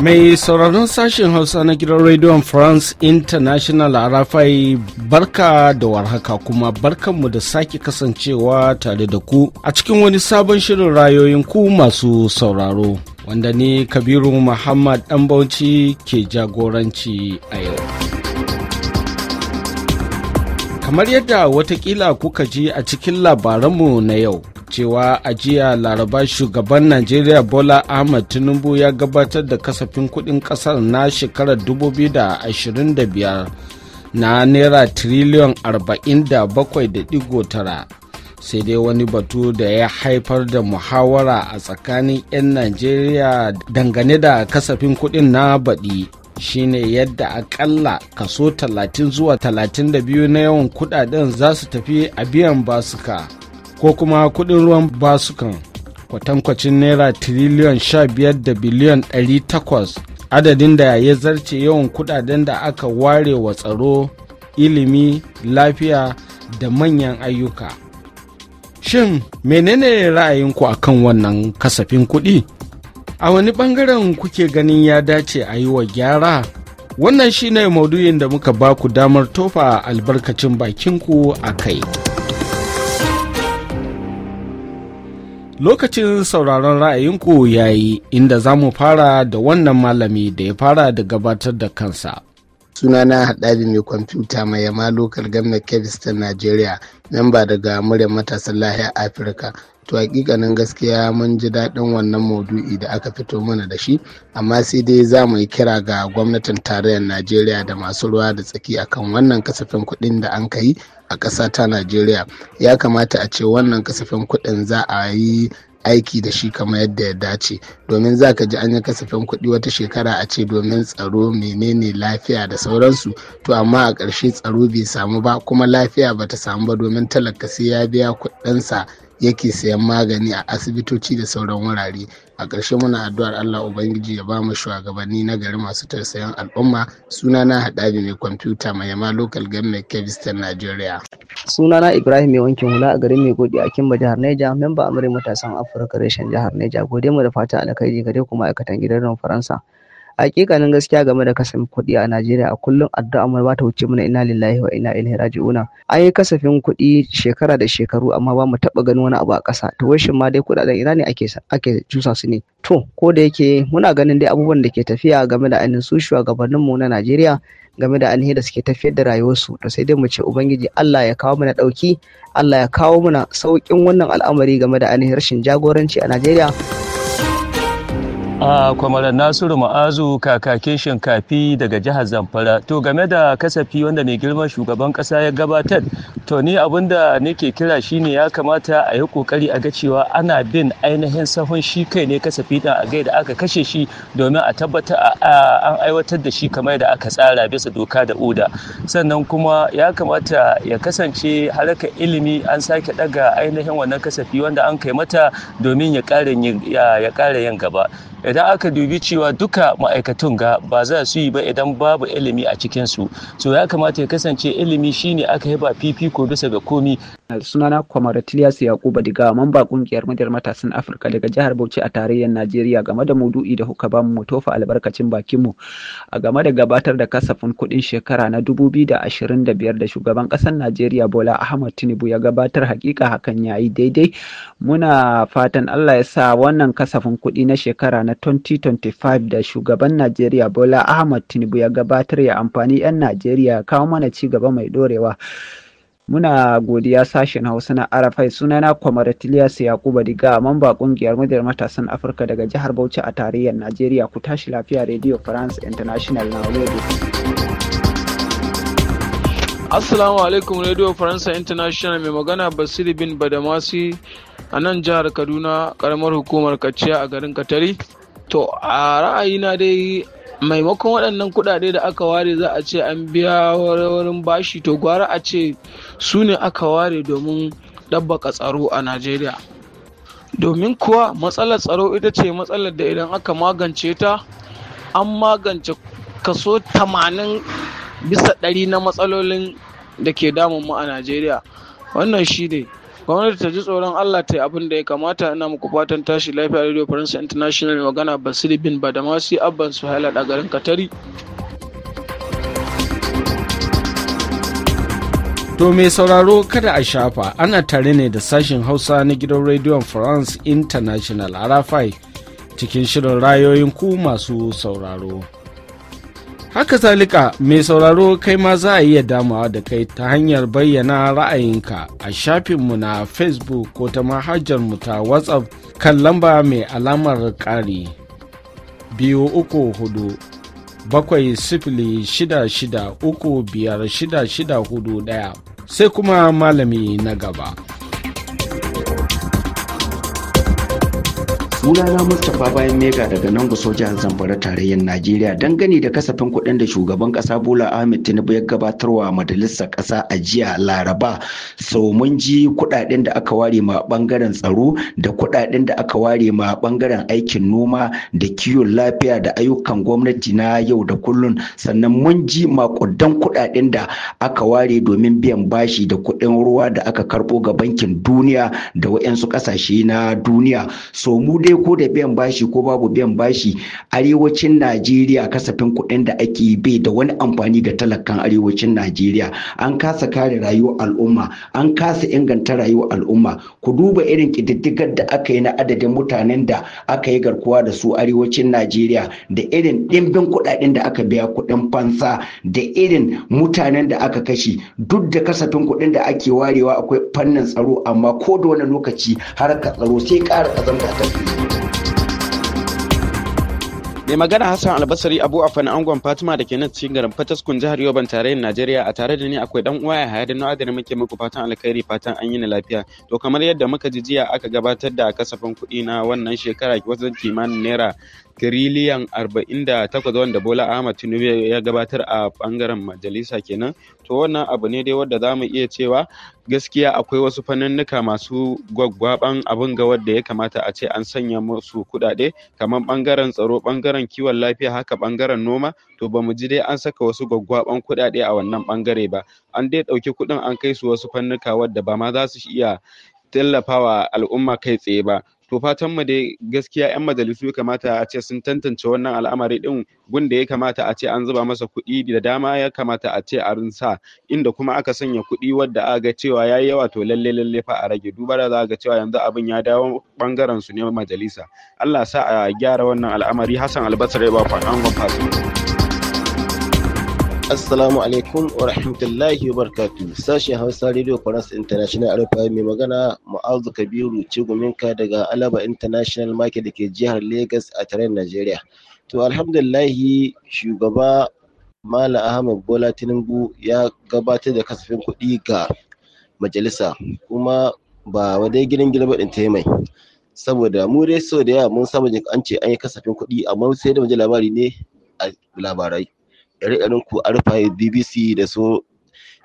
Mai sauraron sashen Hausa na gidan Radio France International a Rafai barka da warhaka kuma barkanmu da sake kasancewa tare da ku a cikin wani sabon shirin rayoyin ku masu sauraro wanda ni Kabiru Muhammad ɗan Bauchi ke jagoranci a yau. kamar yadda watakila kuka ji a cikin labaranmu na yau cewa a jiya laraba shugaban najeriya bola ahmad tinubu ya gabatar da kasafin kudin kasar na shekarar 2025 na naira tiriliyon 47.9 sai dai wani batu da ya haifar da muhawara a tsakanin 'yan najeriya dangane da kasafin kudin na baɗi shine yadda akalla kaso 30 zuwa 32 na yawan kudaden za su tafi a biyan basuka ko kuma kuɗin ruwan basukan kwatankwacin naira tiriliyan sha biyar da biliyan ɗari takwas adadin da ya zarce yawan kudaden da aka ware wa tsaro ilimi lafiya da manyan ayyuka shin menene ra'ayinku kan wannan kasafin kuɗi a wani ɓangaren kuke ganin ya dace a yi wa gyara wannan shine maudu'in da muka baku damar tofa albarkacin bakinku a kai. lokacin sauraron ra'ayinku ya yi inda za mu fara da wannan malami da ya fara da gabatar da kansa sunana haɗari mai kwamfuta mai yama lokal gamna kebis ta najeriya memba daga muryar matasan lahiyar afirka to hakikanin gaskiya mun ji daɗin wannan maudu'i da aka fito mana da shi amma sai dai za mu yi kira ga gwamnatin tarayyar najeriya da masu ruwa da tsaki akan wannan kasafin kuɗin da an yi a ƙasa ta najeriya ya kamata a ce wannan kasafin kuɗin za a yi aiki da shi kamar yadda ya dace domin za ka ji an yi kasafin kuɗi wata shekara a ce domin tsaro menene lafiya da sauransu to amma a ƙarshe tsaro bai samu ba kuma lafiya bata samu ba domin talaka sai ya biya kuɗinsa yake sayan magani a asibitoci da sauran wurare a ƙarshe muna addu'ar allah ubangiji ya ba mu shugabanni na gari masu tausayin al'umma suna sunana hadabi mai kwamfuta mai yama local government ta nigeria sunana ibrahim mai wankin hula a garin mai godi a kimba jihar neja memba amurai matasan afirka reshen jihar neja gode mu da fata alkhairi gare kuma aikatan gidan faransa Hakikanin gaskiya game da kasafin kuɗi a Najeriya a kullum addu'a mu ba ta wuce mana inna lillahi wa inna ilaihi raji'una. An yi kasafin kuɗi shekara da shekaru amma ba mu taɓa ganin wani abu a ƙasa. To wai shin ma dai kuɗaɗen ina ne ake ake cusa su ne? To ko da yake muna ganin dai abubuwan da ke tafiya game da ainihin su shugabannin mu na Najeriya game da ainihin da suke tafiyar da rayuwarsu to sai dai mu ce ubangiji Allah ya kawo mana ɗauki Allah ya kawo mana sauƙin wannan al'amari game da ainihin rashin jagoranci a Najeriya a kwamarar nasiru ma'azu kakakin shinkafi daga jihar zamfara to game da kasafi wanda mai girman shugaban kasa ya gabatar to ni abin da nake kira shine ya kamata a yi kokari a ga cewa ana bin ainihin sahun shi kai ne kasafi ɗin a gaida aka kashe shi domin a tabbatar an aiwatar da shi kamar da aka tsara bisa doka da oda sannan kuma ya kamata ya kasance harkar ilimi an sake daga ainihin wannan kasafi wanda an kai mata domin ya ƙara yin gaba idan aka dubi cewa duka ma'aikatun ga ba za su yi ba idan babu ilimi a cikinsu so ya kamata ya kasance ilimi shine aka yi ba fifiko bisa ga komi sunana ya yakuba diga mamba kungiyar madar matasan afirka daga jihar bauchi a tarayyar najeriya game da mudu'i da huka bamu mu tofa albarkacin mu a game da gabatar da kasafin kuɗin shekara na 2025 da shugaban ƙasar najeriya bola ahmad tinubu ya gabatar hakika hakan ya yi daidai muna fatan allah ya sa wannan kasafin kuɗi na shekara na 2025 da shugaban najeriya bola ahmad tinubu ya gabatar ya amfani 'yan najeriya kawo mana ci gaba mai dorewa Muna godiya sashen Hausa na Arafai sunana Kwamar Tilias Yakuba Diga mamba kungiyar muryar matasan Afirka daga jihar Bauchi a tarayyar Najeriya ku tashi lafiya Radio France International na Assalamu alaikum Radio France International mai magana Basiri bin Badamasi a nan jihar Kaduna karamar hukumar Kaciya a garin Katari. To a ra'ayina dai maimakon waɗannan kuɗaɗe da aka ware za a ce an biya wurin bashi to gwara a ce su ne aka ware domin ɗabbaka tsaro a Najeriya. Domin kuwa matsalar tsaro ita ce matsalar da idan aka magance ta, an magance kaso 80 bisa ɗari na matsalolin da ke damun mu a Najeriya. Wannan shi ne. gwamnati ta ji tsoron Allah ta yi abin da ya kamata ina muku fatan tashi lafiya radio faransa international magana basiri bin badamasi abban suhaila a garin katari To mai sauraro kada a shafa ana tare ne da sashen Hausa na gidan rediyon France International Arafai cikin shirin rayoyin ku masu sauraro. Haka zalika mai sauraro kai ma za a iya damawa da kai ta hanyar bayyana ra'ayinka a shafinmu na Facebook ko ta mu ta WhatsApp kan lamba mai alamar ƙari. Biyu uku hudu bakwai sifili shida shida uku biyar shida shida hudu ɗaya. sai kuma malami na gaba. sunana mustapha bayan mega daga nan guso jihar zamfara tarayyar najeriya dangane da kasafin kuɗin da shugaban ƙasa bola ahmed tinubu ya gabatarwa majalisar ƙasa a jiya laraba sau mun ji kuɗaɗen da aka ware ma ɓangaren tsaro da kuɗaɗen da aka ware ma ɓangaren aikin noma da kiwon lafiya da ayyukan gwamnati na yau da kullun sannan mun ji maƙudan kuɗaɗen da aka ware domin biyan bashi da kuɗin ruwa da aka karɓo ga bankin duniya da waɗansu ƙasashe na duniya so mu dai dai ko da biyan bashi ko babu biyan bashi arewacin najeriya kasafin kuɗin da ake bai da wani amfani ga talakan arewacin najeriya an kasa kare rayuwar al'umma an kasa inganta rayuwar al'umma ku duba irin ƙididdigar da aka yi na adadin mutanen da aka yi garkuwa da su arewacin najeriya da irin ɗimbin kuɗaɗen da aka biya kuɗin fansa da irin mutanen da aka kashe duk da kasafin kuɗin da ake warewa akwai fannin tsaro amma ko da wani lokaci harkar tsaro sai ƙara ƙazanta ta mai magana hassan albasari abu afan angon fatima da ke nan cikin garin fataskun jihar yoban tarayyar najeriya a tare da ni akwai dan uwa ya haya da nawa da muke muku fatan alkhairi fatan an yi na lafiya to kamar yadda muka ji jiya aka gabatar da kasafin kuɗi na wannan shekara wajen kimanin naira tiriliyan arba'in wanda Bola Ahmad Tinubu ya gabatar a bangaren majalisa kenan to wannan abu ne dai wanda zamu iya cewa gaskiya akwai wasu fanannuka masu gwaggwaban abin ga wanda ya kamata a ce an sanya musu kuɗaɗe kamar bangaren tsaro bangaren kiwon lafiya haka bangaren noma to ba mu ji dai an saka wasu gwaggwaban kuɗaɗe a wannan bangare ba an dai ɗauki kuɗin an kai su wasu fannuka wadda ba ma za su iya tallafawa al'umma kai tsaye ba to fatan mu dai gaskiya yan majalisu ya kamata a ce sun tantance wannan al'amari din gunda ya kamata a ce an zuba masa kuɗi da dama ya kamata a ce a rinsa inda kuma aka sanya kuɗi wadda aka ga cewa yayi yawa to lalle lalle fa a rage duba da za ga cewa yanzu abin ya dawo bangaren su ne majalisa Allah sa a gyara wannan al'amari Hassan Albasare ba kwan an gwamfa Assalamu alaikum wa rahmatullahi wa barakatuh. Sashen Hausa Radio Faransa International Arfa mai magana Mu'azu Kabiru Ciguminka daga Alaba International Market da ke jihar Lagos a tarayyar Najeriya. To alhamdulillahi shugaba Mala Ahmad Bola Tinubu ya gabatar da kasafin kuɗi ga majalisa kuma ba wadai gidan girba ɗin ta mai. Saboda mu dai so da yawa mun saba an ce an yi kasafin kuɗi amma sai da mu labari ne a labarai. ire-iren ku bbc da so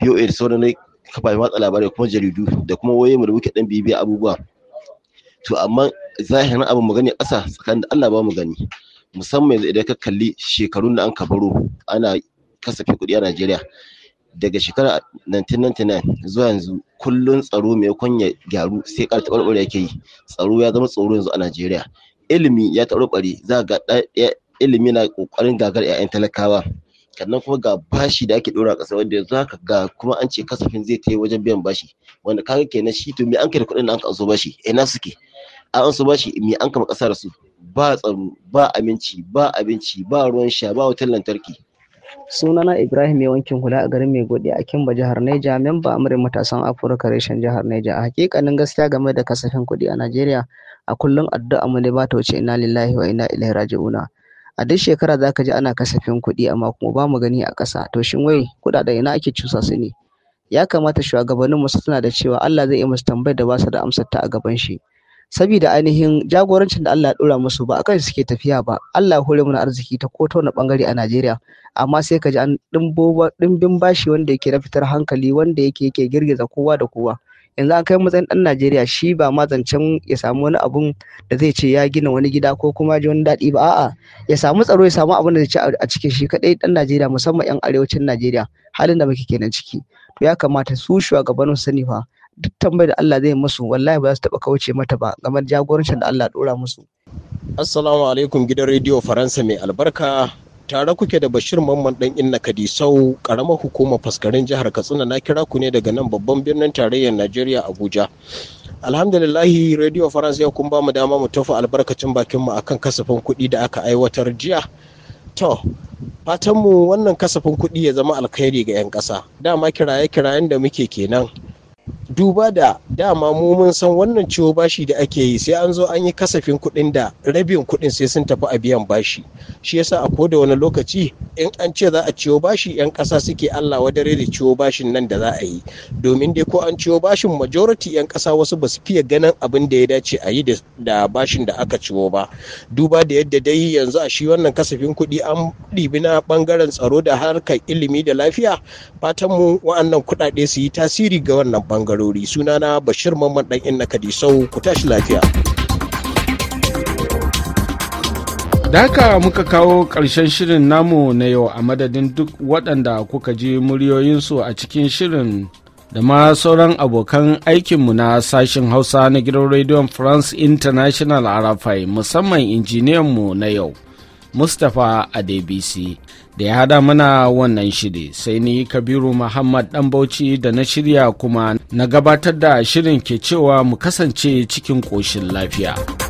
voa da sauran kafafen watsa labarai kuma jaridu da kuma wayoyin da muke dan bibiya abubuwa to amma zahirin abin mu gani ƙasa tsakanin da Allah ba mu gani musamman yanzu idan ka kalli shekarun da an kabaro ana kasafin kuɗi a Najeriya daga shekara 1999 zuwa yanzu kullun tsaro mai kwanya gyaru sai ƙara taɓarɓare yake yi tsaro ya zama tsoro yanzu a Najeriya ilimi ya taɓarɓare za ga ilimi na ƙoƙarin gagar 'ya'yan talakawa sannan kuma ga bashi da ake ɗora a ƙasa wanda yanzu haka ga kuma an ce kasafin zai tai wajen biyan bashi wanda kaga kenan shi to me an kai da kuɗin da an anso bashi ina suke an anso bashi me an kama ƙasa da su ba tsaro ba aminci ba abinci ba ruwan sha ba wutar lantarki sunana ibrahim mai wankin kula a garin mai gode a kimba jihar neja memba amurin matasan afirka reshen jihar neja a hakikanin gaskiya game da kasafin kuɗi a najeriya a kullum addu'a mu ne ba ta wuce ina lillahi wa ina ilaihi raji'una a duk shekara za ka ji ana kasafin kuɗi amma kuma ba mu gani a ƙasa. To shin wai kuɗaɗen ina ake cusa su ne? Ya kamata mu su tuna da cewa Allah zai yi musu tambayar da ba su da amsar ta a gaban shi. saboda ainihin jagorancin da Allah ya ɗora musu ba akan suke tafiya ba. Allah ya hore mana arziki ta ko ta wani ɓangare a Najeriya. Amma sai ka ji an ɗimbin bashi wanda yake na fitar hankali wanda yake yake girgiza kowa da kowa. yanzu an kai matsayin ɗan Najeriya shi ba ma zancen ya samu wani abun da zai ce ya gina wani gida ko kuma ji wani daɗi ba a'a ya samu tsaro ya samu abun da zai ci a cikin shi kaɗai ɗan Najeriya musamman 'yan arewacin Najeriya halin da muke kenan ciki to ya kamata su shugabannin su sani fa duk tambayar da Allah zai musu wallahi ba za su taɓa kauce mata ba game da jagorancin da Allah ɗora musu. Assalamu alaikum gidan rediyo Faransa mai albarka tare kuke da bashir mamman dan inna kadisau karamar hukumar faskarin jihar katsina na kira ku ne daga nan babban birnin tarayyar najeriya abuja alhamdulillahi radio france ya kun ba mu dama mu tofa albarkacin bakinmu akan kasafin kuɗi da aka aiwatar jiya to fatanmu wannan kasafin kuɗi ya zama alkhairi ga 'yan ƙasa dama kiraye-kirayen da muke kenan duba da dama mu mun san wannan ciwo bashi da ake yi sai an zo an yi kasafin kuɗin da rabin kuɗin sai sun tafi a biyan bashi shi yasa a ko da wani lokaci in an ce za a ciwo bashi yan ƙasa suke Allah wadare da ciwo bashin nan da za a yi domin dai ko an ciwo bashin majority yan ƙasa wasu ba su fiye ganin abin da ya dace a yi da bashin da aka ciwo ba duba da yadda dai yanzu a shi wannan kasafin kuɗi an ɗibi na ɓangaren tsaro da harkar ilimi da lafiya fatan mu wa'annan kuɗaɗe su yi tasiri ga wannan ɓangare suna sunana bashir mamman dan inna kadisau ku tashi lafiya Daka muka kawo ƙarshen shirin namu na yau a madadin duk waɗanda kuka ji muryoyinsu a cikin shirin da ma sauran abokan aikinmu na sashen hausa na gidan rediyon france international arafai musamman injiniyanmu na yau mustapha adebisi da ya hada mana wannan shiri sai ni kabiru muhammad dan bauchi da na shirya kuma na gabatar da shirin ke cewa mu kasance cikin koshin lafiya.